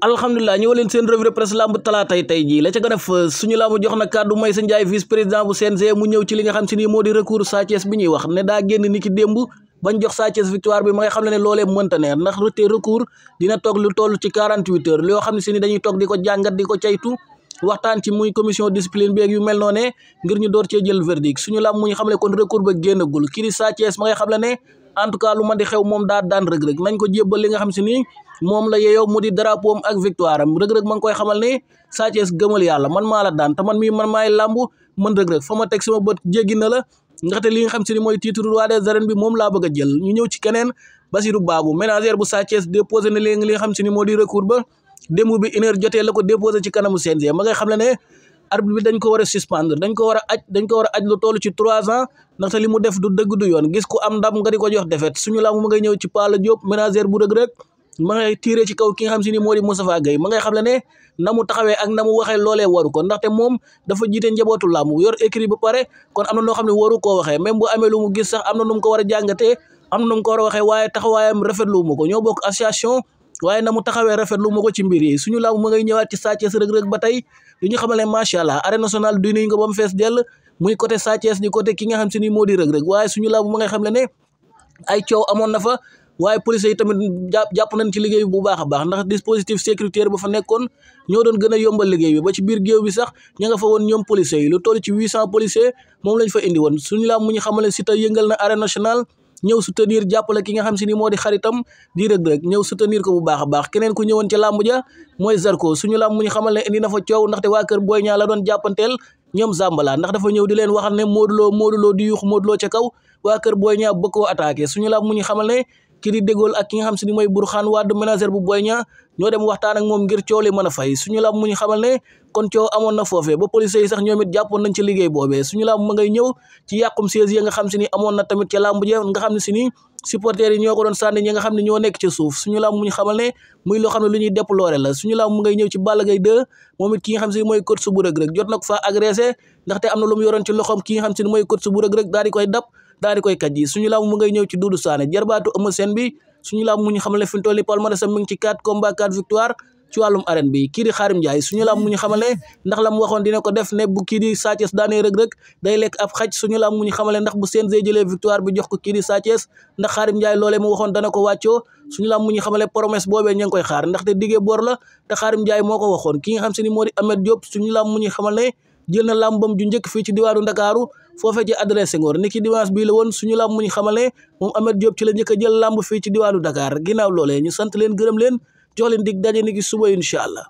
alhamdulilah ñëw leen seen revue de presse lamb talaatay tey jii la ca gën a fës lamb jox na kàddu may sa njaay vice président bu li nga xam si ni moo di recours Sa Thiès bi ñuy wax ne daa génn ni ki démb bañ jox Sa Thiès victoire bi ma nga xam ne ne loolee mënta ne ndax rete recours dina toog lu toll ci 48 heures yoo xam ne si ni dañuy toog di ko jàngat di ko caytu waxtaan ci muy commission discipline bi ak yu mel noone ngir ñu door cee jël verdict suñu lam mu ñu xam ne kon recours ba génnagul Sa Thiès ma ngay en tout cas lu ma di xew moom daad daan rëg-rëg nañ ko jébbal li nga xam ni moom la yeyoo mu di drapeau am ak victoire am rëg-rëg ma ngi koy xamal ne Sa Thiès gëmal yàlla man maa la daan te man mii man maay làmb man rëg-rëg fa ma teg sama bët jéggi na la ndaxte li nga xam si ni mooy titre roi des bi moom laa bëgg a jël ñu ñëw ci keneen Basirou Babou ménagère bu Sa Thiès déposé na léegi li nga xam si ni moo di recours ba démb bi une heure la ko déposé ci kanamu CNG ma ngay xam le ne arbitre bi dañ ko war a suspendre dañ ko war a aj dañ ko war aj lu toll ci trois ans ndaxte li mu def du dëgg du yoon gis ko am ndam nga di ko jox defet suñu laamu ma ngay ñëw ci Palla Diop ménagère bu Reug Reug ma ngay tiré ci kaw ki nga xam si ni moo di Moustapha Gueye ma ngay xam le ne na mu taxawee ak na mu waxee loole waru ko ndaxte moom dafa jiite njabootu làmb yor écrit ba pare kon am na noo xam ne waru koo waxee même bu amee lu mu gis sax am na nu mu ko war a jàngatee am na nu mu ko waaye taxawaayam rafetlu ko ñoo bokk association waaye na mu taxawee rafetlu ma ko ci mbir yi suñu laamu ma ngay ñëwaat ci Sa Thiès Reug Reug ba tey li ñu xamal ne macha allah arène nationale duy nañ ko ba mu fees dell muy côté Sa Thiès di côté ki nga xam si ni moo di Reug Reug waaye suñu laamu ma ngay xam le ne ay coow amoon na fa waaye police yi tamit jàpp jàpp nañ ci liggéey bu baax a baax ndax dispositif sécuritaire ba fa nekkoon ñoo doon gën a yombal liggéey bi ba ci biir géew bi sax ña nga fa woon ñoom policiers yi lu lañ fa indi woon suñu laamu mu ñu xamal ne Siteu yëngal na arène national ñëw soutenir jàppale ki nga xam si ni moo di xaritam di Reug Reug ñëw soutenir ko bu baax a baax keneen ku ñëwoon ca làmb ja mooy Zarko suñu làmb mu ñu xamal ne indi na fa coow ndaxte waa kër Boy Niang la doon jàppanteel ñoom Zambala ndax dafa ñëw di leen waxal ne Modou Lo Modou Lo di yuux Modou Lo ca kaw waa kër Boy Niang bëgg koo attaqué suñu làmb mu ñu xamal ne kii di dégool ak ki nga xam si ni mooy Bourkhane Wade manager bu Boy Niang ñoo dem waxtaan ak moom ngir coow li mën a fay suñu lam xamal ne kon coow amoon na foofee ba policiers yi sax ñoom it na nañ ci liggéey boobee suñu lam ma ngay ci yàqum siège yi nga xam si ni amoon na tamit ca làmb ja nga xam ne si ni supporters ñoo ko doon sànni ne ñoo nekk ca suuf suñu lam mu ñu xamal ne muy loo xam ne lu ñuy déplorer la suñu lam mu ngay ñëw ci Balla Gaye 2 moom it ki nga na ko faa agressé mu yoroon ci loxoom ki nga xam si ni mooy coach koy dab daal di koy kaj yi suñu laamu mu ngay ñëw ci Doudou Sané jarbaatu Eumeu Sène bi suñu laamu mu ñu xamal ne fi mu toll nii palmarès am mi ngi ci 4 combats 4 victoire ci wàllum arène bi kii di Njaay suñu laam mu ñu xamale ndax la mu waxoon dina ko def ne bu kii di Sa Thiès daanee rëg-rëg lekk ab xaj suñu laam mu ñu xamale ndax bu CNG jëlee victoire bi jox ko kii di Sa Thiès ndax Xaarim Njaay loolee mu waxoon dana ko wàccoo suñu laam mu ñu xamale promesse boobee ña koy xaar ndaxte diggee boor la te Xaarim Njaay moo ko waxoon ki nga xam se ni moo di Amed Diop suñu laam mu ñu xamal na làmbam ju njëkk fii ci diwaanu Ndakaaru foofee ci adresse ngoor ni ki dimanche bii la woon suñu làmb muñ xamale moom Ameth Diop ci la njëkk a jël làmb fii ci diwaanu Dakar ginnaaw loole ñu sant leen gërëm leen jox leen dig daje ni ki suba incha allah